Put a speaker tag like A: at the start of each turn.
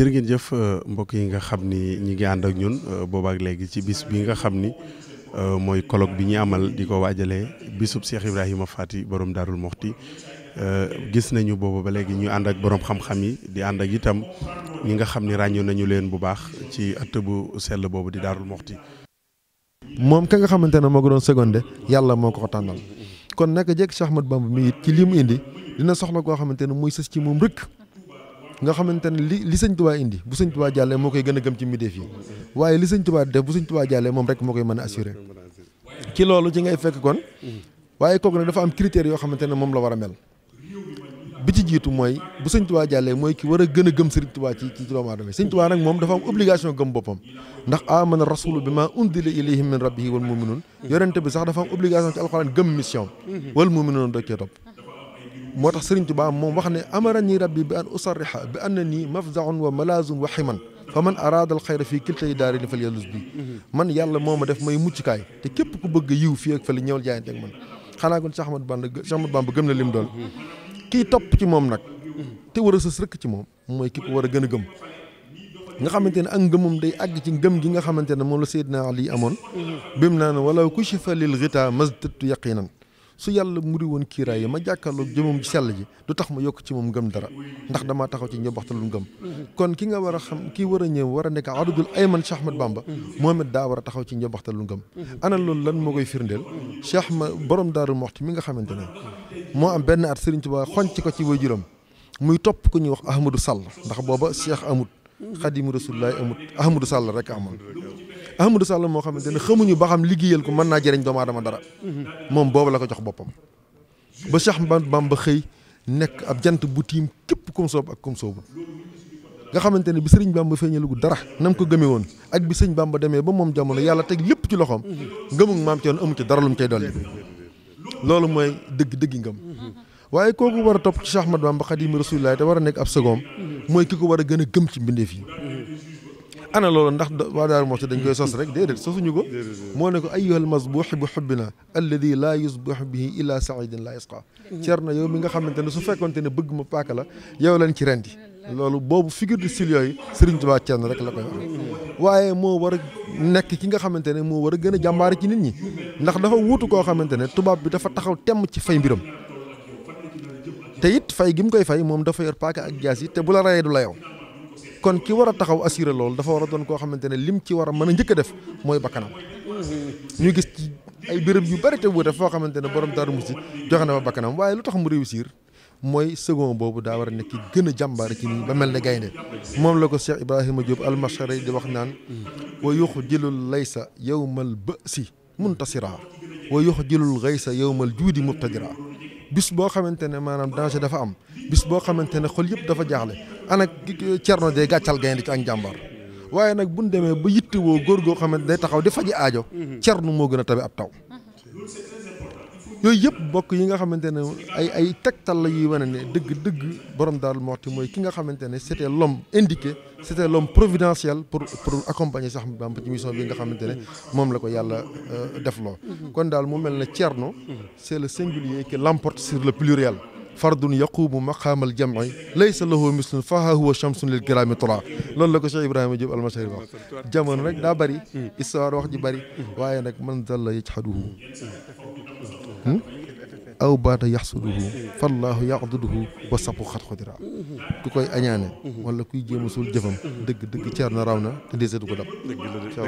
A: jërë ngeen jëf euh, mbokk yi nga xam ni ñi ngi ànd ak ñun euh, boobaak léegi ci bis bi nga xam ni euh, mooy colloque bi ñu amal di ko waajalee bisub Cheikh Ibrahima Faty borom Darou Mouhty gis nañu boobu ba léegi ñu ànd ak boroom xam-xam yi di ànd ak itam ñi nga xam ni ràññoo nañu leen bu baax ci ëtt bu sell boobu di Darou Mouhty. moom ka nga xamante ne moo ko doon secondé yàlla moo ko ko tànnal kon naka jekk Cheikh Ahmad Bamba ci li mu indi dina soxla koo xamante ne muy ci moom rëkk. nga xamante ne li li sëñ tubaa indi bu sëñ tubaa jàllee moo koy gën gëm ci mbindeef yi waaye li sëñ tubaa def bu moom rek moo koy mën a assuré ci loolu ci ngay fekk kon waaye kooku nag dafa am critères yoo xamante ne moom la war a mel bi ci jiitu mooy bu sëñ tubaa jàllee mooy ki war a gën a gëm sëriñ tubaa ci ci doomu aadama sëñ tubaa nag moom dafa am obligation gëm boppam ndax a rasulu bi ma undila ilayhi min rabbihi wal muminun yonente bi sax dafa am obligation ci alxuraan gëm mission wal muminun dokkee topp moo tax Serigne Touba moom wax ne amara ni rabbi bi an usarriha bi anna nii mafzaun wa malazun wa ximan fa man araada al xayra fii kiltay daari ni fal yallus bi man yàlla moo ma def may muccukaay te képp ku bëgg yiw fii ak fële ñëwal jaayante ak man xanaa kon Cheikh Ahmadou Bamba Cheikh Ahmadou Bamba gëm na lim doon kii topp ci moom nag te war a sës rëkk ci moom mooy ki ko war a gën a gëm nga xamante ne ak ngëmum day àgg ci ngëm gi nga xamante ne moom la Seydina Ali amoon bim naan walaw kushifa lil ghita mazdadtu yaqinan su yàlla di woon kiiraay yi ma jàkkaarloog jëmam ci sell ji du tax ma yokk ci moom gëm dara ndax dama taxaw ci ñëpp waxta lu gëm kon ki nga war a xam kii war a ñëw war a nekk adudul ayman Cheikh Ahmad Bamba moom it daa war a taxaw ci ñëpp waxta lu gëm ana loolu lan moo koy firndeel Cheikh ma borom daaru moxti mi nga xamante ne moo am benn at Serigne Touba xonc ko ci waajuram muy topp ku ñuy wax Ahmadou Sall ndax booba Cheikh amut xadimu rasulullaay amut ahmadou sàll rek amoon ahmadou sàll moo xamante ne xamuñu ba xam liggéeyal ko mën naa jëriñ doomu aadama dara moom boobu la ko jox boppam ba sax Cheikh ba xëy nekk ab jant bu tiim képp kum ak kum soobul nga xamante ne bi sëriñ Bamba feeñalugu dara nam ko gëme woon ak bi sëñ ba demee ba moom jamono yàlla teg lépp ci loxoom ngëmug maam ci woon amu ci dara lu mu cay dolli loolu mooy dëgg dëggi ngëm waaye kooku war a topp ci Cheikh Ahmad Bamba Xaadimu Rasulillaah te war nekk ab mooy ki ko war a gën a gëm ci mbindeef yi ana loolu ndax waa Daaru Muxti dañ koy sos rek déedéet sosuñu ko moo ne ko ayyuhal masbuuxi bi xubbina alladi laa yusbuux bihi ila saidin laa yasqa cer na yow nga xamante ne su fekkonte ne bëgg ma paaka la yow leen ci rendi loolu boobu figure de style yooyu Sëriñ Tuubaa cer rek la koy wax moo war nekk ki nga xamante ne moo war a gën a jàmbaare ci nit ñi ndax dafa wuutu koo xamante ne tubaab bi dafa taxaw temm ci fay biram تيت فاي جيم كاي فاي موم دا فاير باك اك جاسي راي دو لايو كون كي ورا تاخاو اسير لول دا فا ورا دون كو خامتاني ليم كي ورا مانا موي باكانام ني غيس اي بيرم يو بارتي بو دا فا خامتاني بوروم دارو مسجد جوخنا واي لوتاخ مو ريوسير موي سيكون بوبو دا ورا نيكي گنا جامبار كي با ملنا گاينه موم لاكو شيخ ابراهيم جوب المشري دي واخ نان ويخجل ليس يوم الباس منتصرا ويخجل الغيث يوم الجود مبتدرا bis boo xamante ne maanaam danger dafa am bis boo xamante ne xol yëpp dafa jaaxle ana cerno dee gàccal gaynde ci ak njàmbaar waaye nag bu buñ demee ba yittewoo góor goo xamante day taxaw di faji aajo cernu mhm. moo gën a tabe ab taw mhm. yooyu yëpp bokk yi nga xamante ne ay ay tegtal la yuy wane ne dëgg dëgg borom Darou Mouhty mooy ki nga xamante ne c'était l'homme indiqué c'était l'homme providentiel pour pour accompagner Cheikh Ahmadou Bamba ci mission bi nga xamante ne moom la ko yàlla euh, def loo mhm. kon daal mu mel ne Thierno mhm. c'est le singulier qui l'emporte sur le pluriel fardun yaqumu maqaamal jam'i laysa lahu mislun faha huwa shamsun lil kiraami tura loolu la ko Cheikh Ibrahima Diop almashari wax jamono rek daa bëri mhm. histoire wax ji bëri waaye nag man dalla yajhaduhu أو بعد يحصله فالله يعضده وسبو خط خدرا كوكاي أنيانة ولا كوي جي جفم دق دق تيار نراونا تدي زيدو